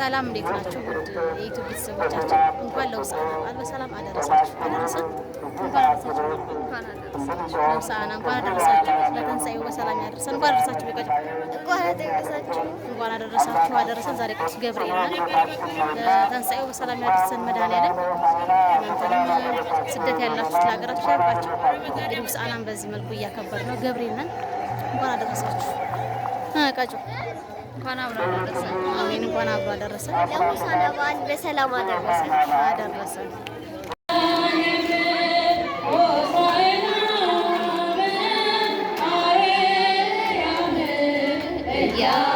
ሰላም እንዴት ናችሁ? ውድ የኢትዮጵያ ቤተሰቦቻችን እንኳን ለሆሳዕና በዓል በሰላም አደረሳችሁ። አደረሰን እንኳን አደረሳችሁ። እንኳን አደረሳችሁ ለሆሳዕና እንኳን አደረሳችሁ። ለትንሳኤው በሰላም ያደርሰን። እንኳን አደረሳችሁ። ቢቀጭ እንኳን አደረሳችሁ። እንኳን አደረሰን። ዛሬ ቅዱስ ገብርኤል ነው። ትንሳኤው በሰላም ያደርሰን እናንተንም ስደት ያላችሁ ለሀገራችሁ ያብቃችሁ። እንግዲህ ሆሳዕናን በዚህ መልኩ እያከበር ነው። ገብርኤል ነን። እንኳን አደረሳችሁ። ቀጩ እንኳን አብሮ አደረሰ። አሜን። እንኳን አብሮ አደረሰ። ለሆሳዕና በዓል በሰላም አደረሰ አደረሰ። ያ